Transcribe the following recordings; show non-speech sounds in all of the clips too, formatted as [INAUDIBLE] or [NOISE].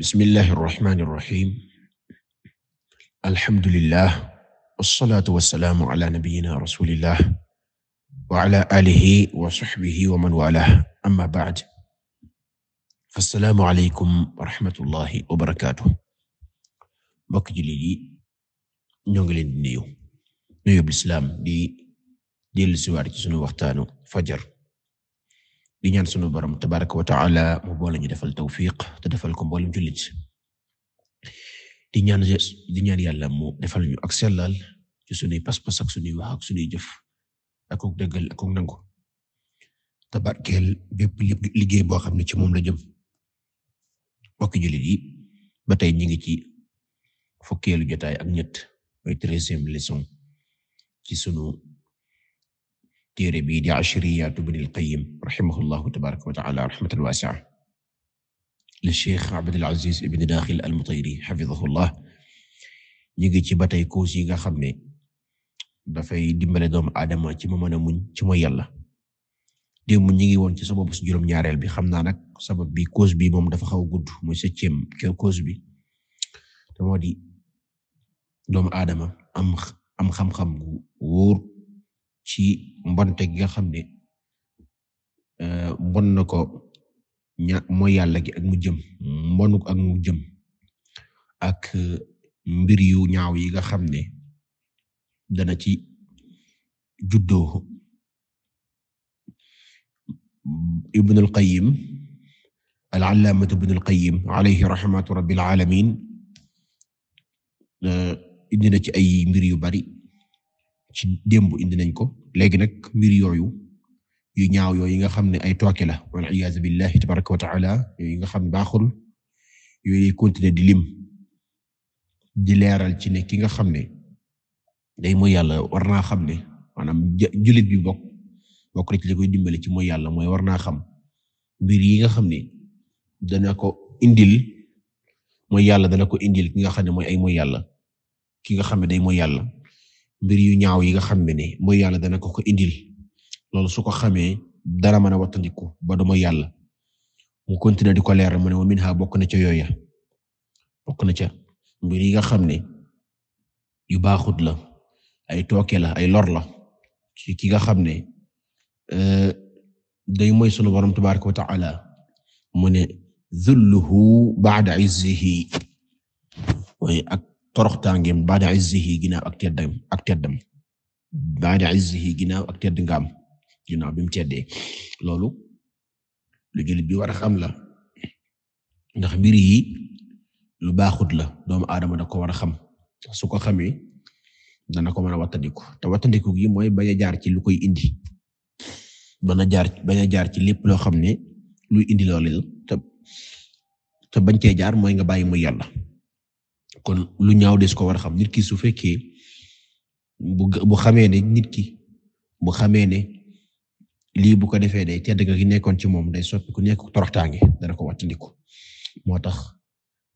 bismillahi irrahmani irrahim alhamdulillah wasalaatu wasalaamu ala nabiyina rasulillah wa ala alihi wa sahbihi wa man walah amma ba'd assalaamu aleykum wa rahmatullahi wa barakatuh mbokk jullit yi ñoo ngi leen di nuyu nuyu lislaam di dellusiwaat ci sunu waxtaanu fajar di ñaan sunu borom tabaraka wa taala mu boole ñu defal tawfiq te defal ko mboolem jullit di ñaan di yàlla mu defal ñu ak sellal ci sunuy pas-pas ak sunuy wax ak sunuy jëf ak ak dëggal ak ak nangu tabarkeel bépp liggéey boo xam ne ci moom la jëm mbokki jullit yi ba tey ñu ngi ci fukkeelu jotaay ak ñett mooy treizième leçon ci sunu téere bii di ashriyatu ibn al-Qayyim rahimahullahu tabaraka wa ta'ala rahmatan wasi'a li Cheikh Abdul Aziz ibn Daxil al-Mutayri hafizahullah ñu ngi ci ba tey cause yi nga xam ne dafay dimbale doomu aadama ci mu mën a muñ ci mooy yàlla démb ñu ngi woon ci sababu su ñaareel bi xam naa nag sabab bi cause bi moom dafa xaw a gudd muy septième cause bi te moo di doomu aadama am am xam-xam gu ci mbonte gi nga xam ne euh, mbon na ko moo mooy yàlla gi ak mu jëm mbonuk ak mu jëm ak euh, mbir yu ñaaw yi nga xam ne dana ci juddoo Ibnul Qayyim al-allaamatu Ibnul Qayyim alayhi rahmatu rabbil aalamiin euh, indi ci ay mbir yu bari ci démb indi nañ ko léegi nag mbir yooyu yu ñaaw yooyu nga xam ne ay tooke la wal iyaazu billahi tabaraka wa taala yooyu nga xam ne baaxul yooyu continuer di lim di leeral ci ne ki nga xam ne day mooy yàlla war naa xam ne maanaam jullit bi bokk bokk rek li koy ci mooy yàlla mooy war naa xam mbir yi nga xam ne dana ko indil mooy yàlla dana ko indil ki nga xam ne mooy ay mooy yàlla ki nga xam ne day mooy yàlla mbir yu ñaaw yi nga xam ne mooy yàlla dana ko ko indil loolu su ko xamee dara mën a wattandiku ba du mooy yàlla mu continuer di ko leer mu ne wa minha bokk na ca yooya bokk na ca mbir yi nga xam ne yu baaxut la ay tooke la ay lor la ci ki nga xam ne eh, day moy sunu borom tabaraka wa taala mu ne zulluhu ba'da izzihi mooy ak toroxtaangeem baada izzihi ginaaw ak teddam ak teddam baada izzihi ginaaw ak nga ngaam ginaaw bi mu teddee loolu lu jullit bi war a xam la ndax mbir yi lu baaxut la doomu aadama da ko war a xam su ko xamee dana ko mën a wattandiku te wattandiku gi mooy bañ jaar ci lu koy indi bañ a jaar bañ a jaar ci lépp loo xam ne luy indi loolu la bañ cee jaar mooy nga bàyyi muy yàlla. kon lu ñaaw des ko war a xam nit ki su fekkee bu bu xamee ne nit ki bu xamee ne lii bu ko defee day tedd gi nekkoon ci moom day soppi ku nekk toroxtaange dana ko wattandiku moo tax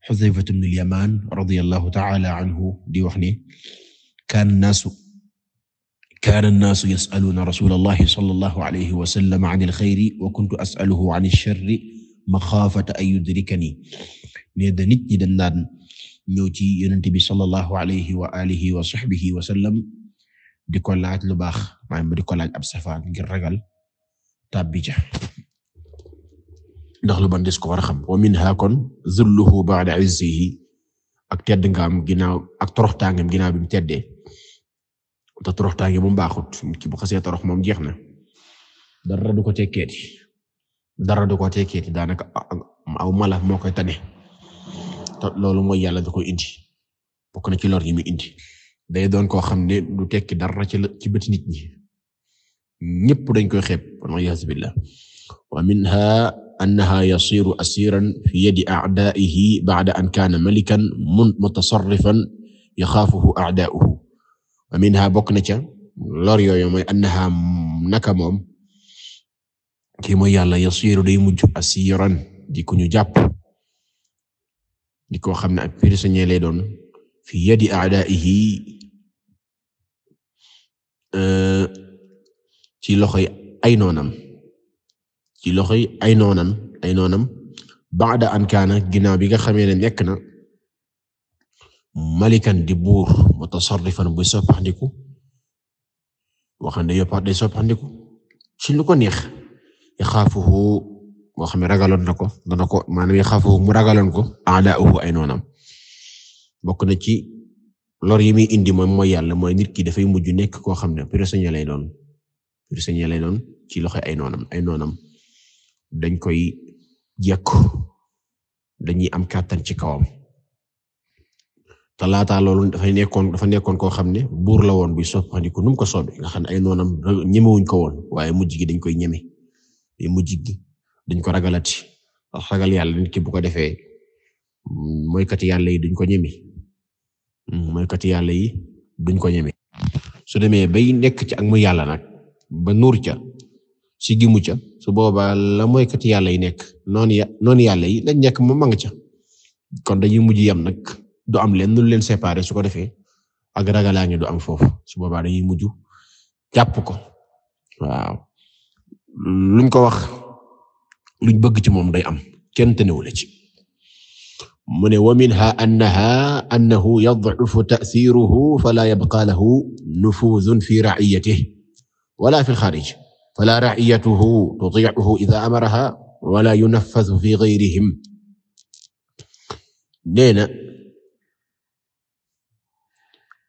Xuzayfa ibn al-Yaman radiyallahu ta'ala anhu di wax ne kaana naasu kaana naasu yas'aluuna rasulallahi sallallahu alayhi wa sallam an al-xayri wa kuntu as'aluhu an ash-sharri maxaafata an yudrikani ne da nit ñi dañ daan ñëw ci yonent bi sallallahu alayhi wa alihi wa sahbihi wa sallam di ko laaj lu baax ma di ko laaj ab safaan ngir ragal tàbbi ja ndax lu ban des ko war a xam wa minha kon zulluhu ba'da izzihi ak tedd nga ginnaaw ak toroxtaangam ginnaaw bi mu teddee te bu baaxut ki bu xasee torox moom jeex na dara du ko tekkeeti dara ko tekkeeti daanaka aw mala moo koy tane te loolu mooy yàlla da koy indi bokk na ci lor yi muy indi day doon koo xam ne du tekki dara ci ci bëti nit dañ koy xeeb wal-'iyaaz billah wa minha annaha yasiru asiran fi yadi a'da'ihi ba'da an kana malikan mutasarrifan yaxaafuhu a'da'uhu wa minha bokk na ca lor yooyu mooy annaha naka moom kii mooy yàlla yasiru day mujj asiran di ku jàpp di ko xam ne ab prisonnier lay doon fi yadi a'da'ihi euh, ci loxoy ay noonam ci loxoy ay noonam ay noonam ba'da an kaana ginnaaw bi nga xamee ne nekk na malikan di buur mutasarrifan buy soppandiku waxande yoppaat day soppandiku ci lu ko neex yaxaafuhu boo xam ne ragaloon na ko dana ko maanaam yaxaafu mu ragaloon ko a'daa'uhu ay noonam bokk na ci lor yi muy indi moom mooy yàlla mooy nit ki dafay mujj nekk koo xam ne prisonnier lay doon prisonnier lay doon ci loxo ay noonam ay noonam dañ koy jekku dañuy am kàttan ci kawam te laataa loolu dafay nekkoon dafa nekkoon koo xam ne buur la woon buy soppandiku nu num ko soobee nga xam ne ay noonam ñemewuñ ko woon waaye mujj gi dañ koy ñeme mujj gi duñ ko ragalati wax ragal yàlla nit ki bu ko defee mooykati yàlla yi duñ ko ñemi hmm, mooykati yàlla yi duñ ko ñemi su demee bay nekk ci ak muy yàlla nag ba nuur ca si gi ca su boobaa la mooykati yàlla yi nekk noon noonu yàlla yi lañ nekk moom ma nga ca kon dañuy mujj yam nag du am leen lu leen séparé su ko defee ak ragalaa ngi du am foofu su boobaa dañuy mujj jàpp ko waaw luñ ko wax luñ bëgg ci moom day am kenn tënewu la ci mu ne wa minha annaha annahu yad'ufu ta'siruhu fala yabqa lahu nufuzun fi ra'iyatihi wala fi al-kharij fala ra'iyatuhu tuti'uhu idha amaraha wala yunaffazu fi ghayrihim nee na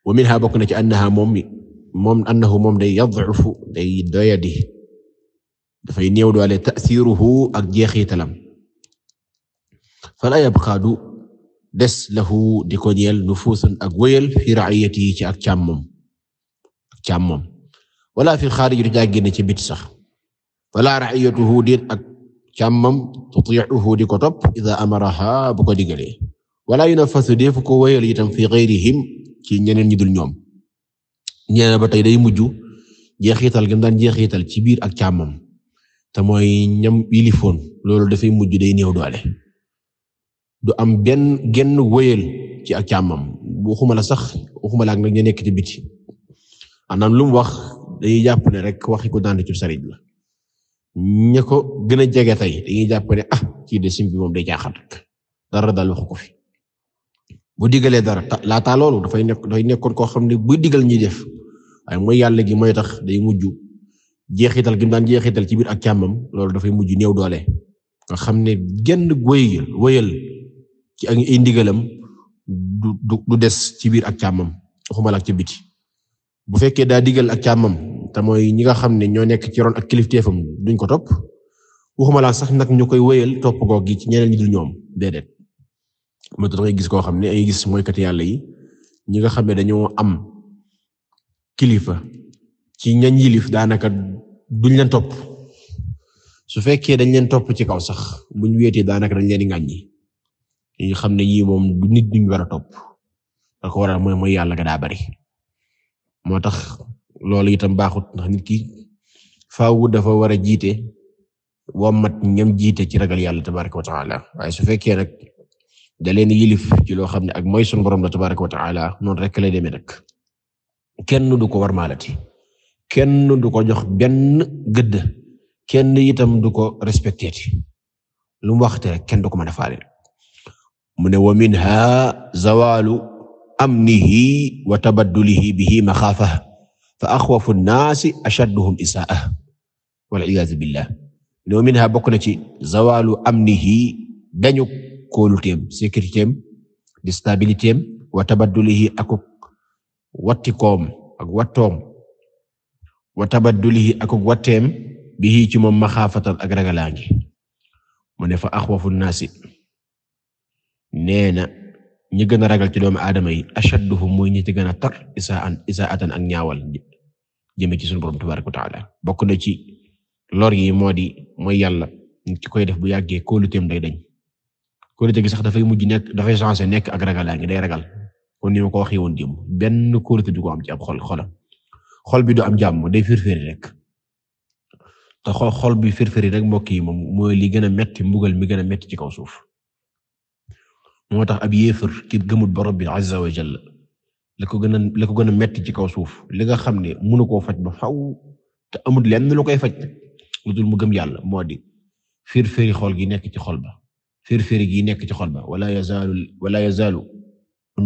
wa minha bokk na ci annaha moom moom annahu moom day yad'ufu day doyadi dafay néew doole ta'siruhu ak jeexitalam fala yabqa du des lahu di ko ñeel nufuusun ak wéyal fi ra'iyati ci ak càmmom ak wala fi xaarij du jàggi ne ci sax wala ra'iyatuhu déet ak càmmam tuti'uhu di ko topp idha amaraha bu ko digalee wala yunafasu def ko wéyal itam fi ghayrihim ci ñeneen ñu dul ñoom ñeneen ba tey day mujj jeexital gam daan jeexital ci biir ak càmmam te mooy ñam yilifoon loolu dafay mujj day néew doole du am benn genn wóyal ci ak càmmam waxuma la sax waxuma la ak nag ñu nekk ci biti anam lu mu wax dañuy jàpp ne rek waxi ko daan ci sariñ la ña ko gën a jege tey dañuy jàpp ne ah kii de sim moom day caaxaan rek dara daal wax ko fi bu digalee dara laataa loolu dafay nekk dafay nekkoon koo xam ne buy digal ñuy def waaye mooy yàlla gi mooy tax day mujj. jeexital gi mu daan jeexital ci biir ak càmmam loolu dafay mujj néew doole nga xam ne genn wéyal wéyal ci ak ay ndigalam du du des ci biir ak càmmam waxumala ak ci biti bu fekkee daa digal ak càmmam te mooy ñi nga xam ne ñoo nekk ci ron ak kilifteefam duñ ko topp waxumala sax nag ñu koy wéyal topp koo gi ci ñeneen ñi dul ñoom déedéet moo tax ngay gis koo xam ne ay gis mooy yàlla yi ñi nga xam ne dañoo am kilifa. ci ñañ yilif daanaka duñ leen topp su fekkee dañ leen topp ci kaw sax buñ weetee daanaka dañ leen di ŋàññi xam ne yii moom du nit duñ war a topp da ko waral mooy mooy yàlla ga daa bari moo tax loolu itam baaxut ndax nit ki faawu dafa war a jiite wommat ñam jiite ci ragal yàlla tabaraka wa taala waaye su fekkee nag da leen yilif ci loo xam ne ak mooy sunu borom la tabaraka wa taala noonu rekk lay demee nag kenn du ko war maalati kenn du ko jox benn gëdd kenn itam du ko respecté lu waxte rek kenn du ko mën a mu ne wa minha zawalu amnihi wa tabaddulihi bihi maxaafa fa axwafu nnaasi ashadduhum isaa'ah wal-iyaazu billah mu ne wa minha bokk na ci zawalu amnihi dañu kóoluteem sécuritéem di stabilitéem wa tabaddulihi akuk wattikoom ak wattoom wa tabaddulihi ak watteem bihi ci moom maxaafatan ak ragalaangi mu ne fa axwafu naasi nee na ñi gën a ragal ci doomu aadama yi ashadduhum muy ñi ci gën a tar isaan isaatan ak ñaawal jëme ci sunu borom tabaraka wa taala bokk na ci lor yi moo di mooy yàlla ki koy def bu yàggee kóoluteem day dañ kóolute gi sax dafay mujj nekk dafay changer nekk ak ragalaangi day ragal kon ni ma ko waxee woon benn kóolute du ko am ci xol xolam xol bi du am jàmm day firfiri rek te xol xol bi firfiri rek mbokk yi moom mooy li gën a metti mbugal mi gën a metti ci kaw suuf moo tax ab yéefar ki gëmut borom bi azza wa jalla la ko gën a la ko gën a metti ci kaw suuf li nga xam ne mënu koo faj ba xaw te amul lenn lu koy faj lu dul mu gëm yàlla moo di firfiri xol gi nekk ci xol ba firfiri gi nekk ci xol ba wala yazaalu wala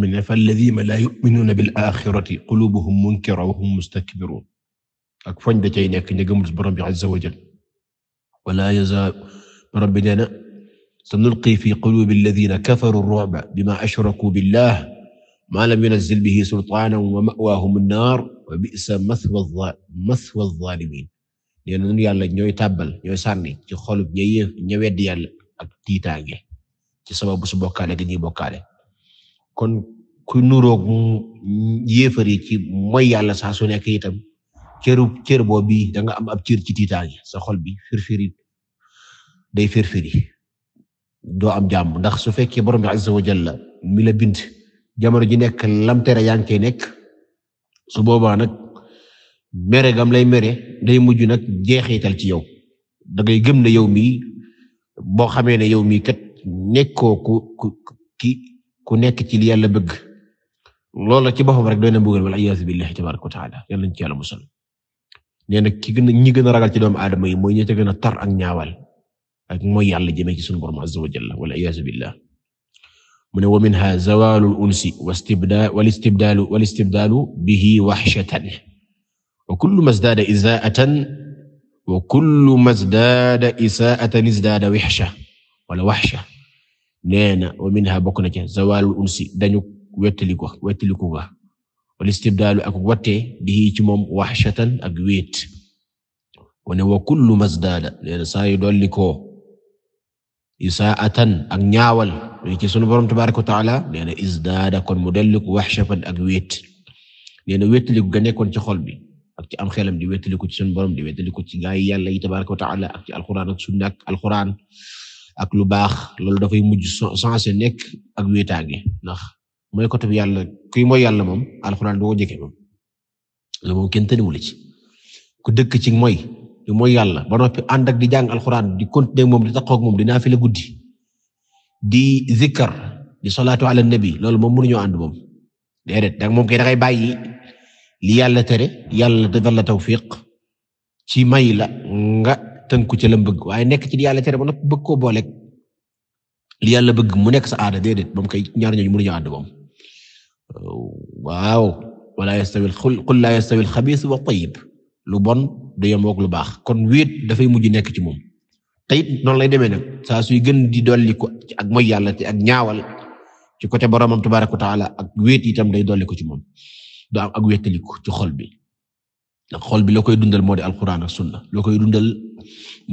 borom bi ne fa alladhina la yu'minuna bil akhirati qulubuhum munkira wa hum mustakbirun ak foñ da cay nekk ña gëmul borom bi azza wa jal wala yazal borom bi nee na sanulqi fi qulubi alladhina kafaru ar-ru'ba bima ashraku billah ma lam yunzil bihi sultanan wa ma'wahum an-nar wa bi'sa mathwa adh-dhalimin nee na ñun yàlla ñooy tàbbal ñooy sànni ci xolub ña yéef ña weddi yàlla ak tiitaange ci sababu su bokkaale gi ñuy bokkaale kon ku nuroog yéefar ci mooy yàlla saa su nekk itam cëru cër boo bi da am ab cër ci tiitaange sa xol bi firfiri day firfiri doo ab jàmm ndax su fekkee borom bi azza wa jalla mi la bind jamono ji nekk lam tere yaa ngi koy nekk su boobaa nag mere gam lay mere day mujj nag jeexital ci yow da ngay gëm ne mii boo xamee ne yow mii kat nekkoo ku ki ku nekk ci li yàlla bëgg loola ci boppam rek doy na mbugal wal iyaazu billahi tabaraka wa taala yàlla nañ ci yàlla musal nee na ki gën a ñi gën a ragal ci doomu aadama yi mooy ñi ca gën a tar ak ñaawal ak mooy yàlla jëmee ci sunu borom azza wa jalla wal iyaazu billah mu ne wa minha zawaalul unsi wal istibdaalu wal istibdaalu bihi waxshatan wa kullu masdaada isaa'atan wa kullu masdaada isaa'atan izdaada wixsha wala waxsha nee na wa minha bokk na ce zawalul unsi dañu wettali ko wettali ko ga wal istibdaalu ak watte bi ci moom waxshatan ak wéet wane wa kullu masdaada nee na saa yu dolli ko isaatan ak ñaawal ci sunu borom tabaaraka wa taala nee na kon mu delli ko waxshatan ak wéet nee na wettali ga nekkoon ci xol bi ak ci am xelam di wettali ko ci sunu borom di wettali ko ci gaay yàlla yi tabaaraka wa taala ak ci alxuraan ak sunna ak alxuraan ak lu baax loolu dafay mujj sensé nekk ak wéetaange ndax mooy côté bi yàlla kuy mooy yàlla moom alxuraan du ko jege moom loolu moom kenn tëniwul ci ku dëkk ci mooy di mooy yàlla ba noppi ànd ak di jàng alxuraan di continuer moom di taxaw ak moom di naafila guddi di zikkar di salaatu ala nabi loolu moom mënuñoo ànd moom déedéet dag moom kay da ngay bàyyi li yàlla tere yàlla defal la tawfiq ci may la nga. tënku ci lam bëgg waaye nekk ci li yàlla tere ba noppi ko boole li yàlla bëgg mu nekk sa aada déedéet moom kay ñaar ñooñu mu mënuñu ànd moom waaw wala yastawi qul laa yastawi alxabiis wa tayyib lu bon du yem ak lu baax kon wéet dafay mujj nekk ci moom te it noonu lay demee nag saa suy gën di dolli ak moy yàlla te ak ñaawal ci côté boromam tabaaraka wa taala ak wéet itam day dolli ko ci moom du ak wéetaliku ci xol bi ndax xol bi la koy dundal moo di alquran ak sunna la koy dundal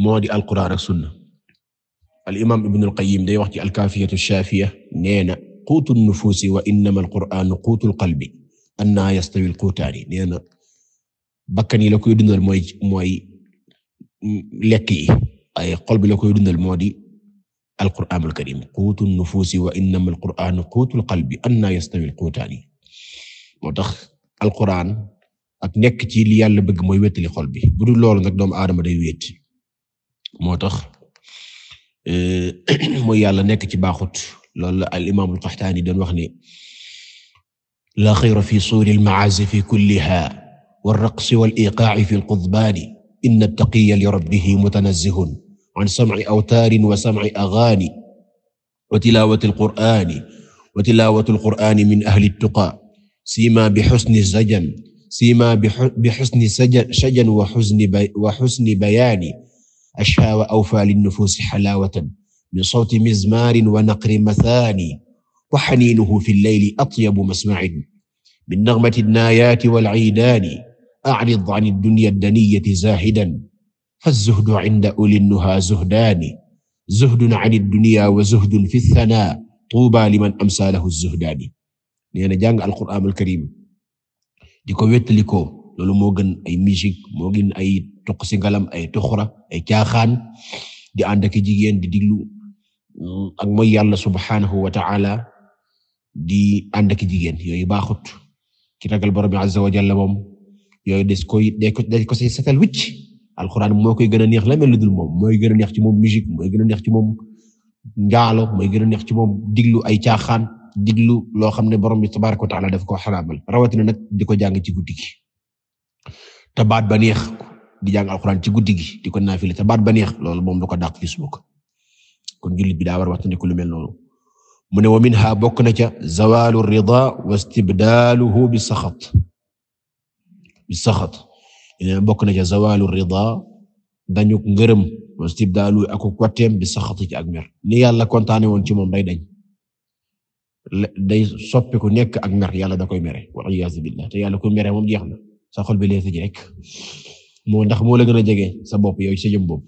moo di alquran ak sunna al imam ibn al qayyim day wax ci alkaafiyatu shaafiya nee na quutu nufuusi wa innama alquranu quutu alqalbi anna yastawi alquutaani nee na bakkan yi la koy dundal mooy mooy lekk yi ay xol bi la koy dundal moo di alquran alkarim quutu nufuusi wa innama alquranu quutu alqalbi anna yastawi alquutaani moo tax alquran ak nekk ci li yàlla bëgg mooy wétali xol bi bu dul loolu nag doomu aadama day wéet moo tax euh, [CLEARS THROAT] mooy yàlla nekk ci baaxut loolu la al imaam al qaxtaani doon wax ne la xayra fi suuri al ma'azifi kulliha wal raqsi wal iqaa'i fi al qudbaani inna at-taqiyya li rabbihi mutanazzihun an sam'i awtaarin wa sam'i aghaani wa tilaawati al qur'aani wa tilaawati al qur'aani min ahli at-tuqa siima bi husni zajan siima bi xusni shajan wa xusni bayaani ashhaa wa awfaa linnufuusi xalaawatan min sawti mizmaarin wa naqri masaani wa xaniinuhu fi llayli atyabu masma'in min nagmati naayaati wal ciidaani acrid an dunya daniyati zaahidan fazzuhdu cinda uli nnuhaa zuhdaani zuhdun an dunya wa zuhdun fi thanaa tuubaa liman amsaalahu zuhdaani nee na jàng alqur'aan alkarim di ko wettalikoo loolu moo gën ay musique moo gën ay toq si ngalam ay tuxura ay caaxaan di ànd ak jigéen di diglu mm, ak mooy yàlla subhanahu wa ta'ala di ànd ak jigéen yooyu baaxut ki ragal borom bi azza wa jalla moom yooyu des koy des ko say setal wicc alxuraan moo koy gën a neex la mel lu dul moom mooy gën a neex ci moom musique mooy gën a neex ci moom njaalo gën a ci moom diglu ay caaxaan diglu loo xam ne borom bi tabaraka wa taala def ko xaraamal rawatina nag di ko jàng ci guddi gi baat ba neex di jàng alxuraan ci guddi gi di ko naafile te baat ba neex loolu moom du ko dàq gis ko kon jullit bi daa war lu mel noonu mu ne wa minha bokk na ca zawaalu rida wa istibdaaluhu bi saxat bi saxat bokk na ca zawaalu rida dañu ngërëm wa istibdaaluhu ak watteem bi saxat ci ak mer ni yàlla kontaane woon ci moom day dañ day soppiku nekk ak mer yàlla da koy mere wal iyaazu billah te yàlla ko mere moom jeex na sa xol bi lee tëj rek moo ndax moo la gën a jege sa bopp yow sa jëm bopp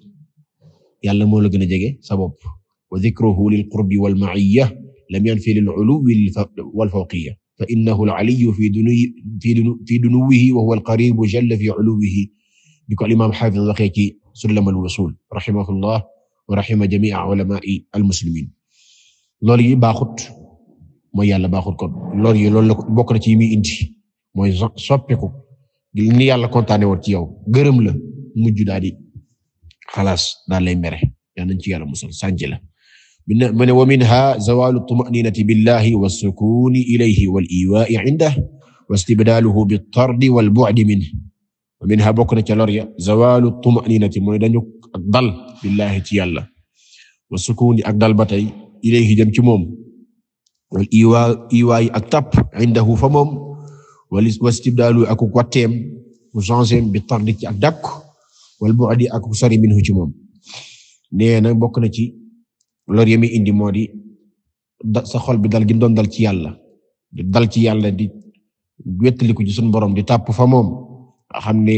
yàlla moo la gën a jege sa bopp wa dhikruhu lil qurbi wal ma'iyya lam yanfi lil uluwi wal fawqiyya fa innahu al aliyyu fi fi dunuwihi wa huwa al qaribu jalla fi uluwihi bi ko al imam hafiz waxee ci sullam al wusul rahimahullah wa rahima jami'a ulama'i al muslimin loolu yi baaxut mooy yàlla baaxul kon loolu yi loolu la bokk na ci yi muy indi mooy soppiku ni yàlla kontaane woon ci yow gërëm la mujj daal di xalaas daal lay mere yaa nañ ci yàlla musal sànci la mu ne wa minha zawalu tumaninati billahi wasukuni ilayhi wal iwaai indah wastibdaluhu bitardi wal bu'di minhu wa minha bokk na ca lor ya zawalu tumaninati mooy dañu ak dal billahi ci yàlla wasukuni ak dal ba tey ilayhi ci moom wal iwaa iwaayu ak tàpp indahu fa moom wali wastibdaalu ak watteem bu changé bi tardi ci ak dàkk wal bu'di ak sori minhu ci moom nee bokk na ci lor mi indi moo di sa xol bi dal gi doon dal ci yàlla di dal ci yàlla di wettaliku ci sunu borom di tàpp fa moom xam ne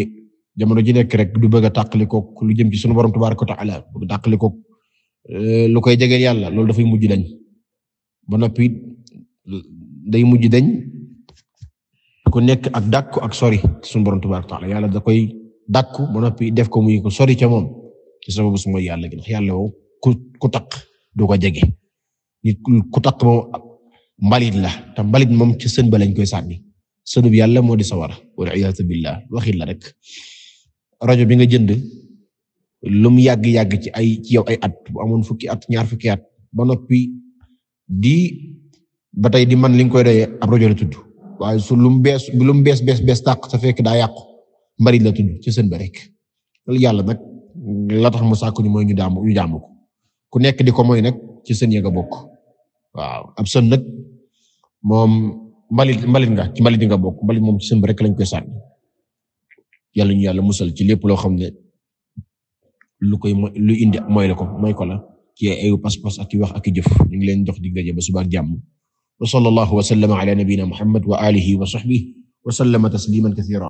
jamono ji nekk rek du bëgg a tàqalikook lu jëm ci sunu borom tabaaraka wa ta'ala bëgg tàqalikook euh, lu koy jege yàlla loolu dafay mujj dañ ba noppi day mujj dañ ku nekk ak dàkku ak sori sunu borom tabaaraka wa taala yàlla da koy dàkku ba noppi def ko muy ko sori ca moom ci sababu su mooy yàlla gi ndax yàlla woo taq du ko jege nit ku taq moom mbalit la te mbalit moom ci sën ba lañ koy sànni sënub yàlla moo di sawara wal iyaadu billah la rek rajo bi nga jënd lu mu yàgg-yàgg ci ay ci yow at bu amoon fukki at ñaar fukki at ba noppi di ba tey di man li nga koy doyee ab rajo la tudd waaye su lu mu bees lu mu bees bees tàq sa fekk daa yàqu mbari la tudd ci seen ba rek yàlla nag la tax mu sàkk ñu mooy ñu daamu ñu jaamu ko ku nekk di ko mooy nag ci seen yënga bokk waaw ab sën nag moom mbalit mbalit nga ci mbalit nga bokk mbalit moom ci seen ba rek lañ koy sànni yàlla ñu yàlla musal ci lépp loo xam ne lu koy lu indi mooy la ko mooy ko la. ci ayu pas-pas ak i wax ak i jëf ñu ngi leen jox dig daje ba subaak jàmm wa sallallahu wa sallama ala nabiyyina muhammad wa alihi wa sahbihi wa sallama tasliman kathira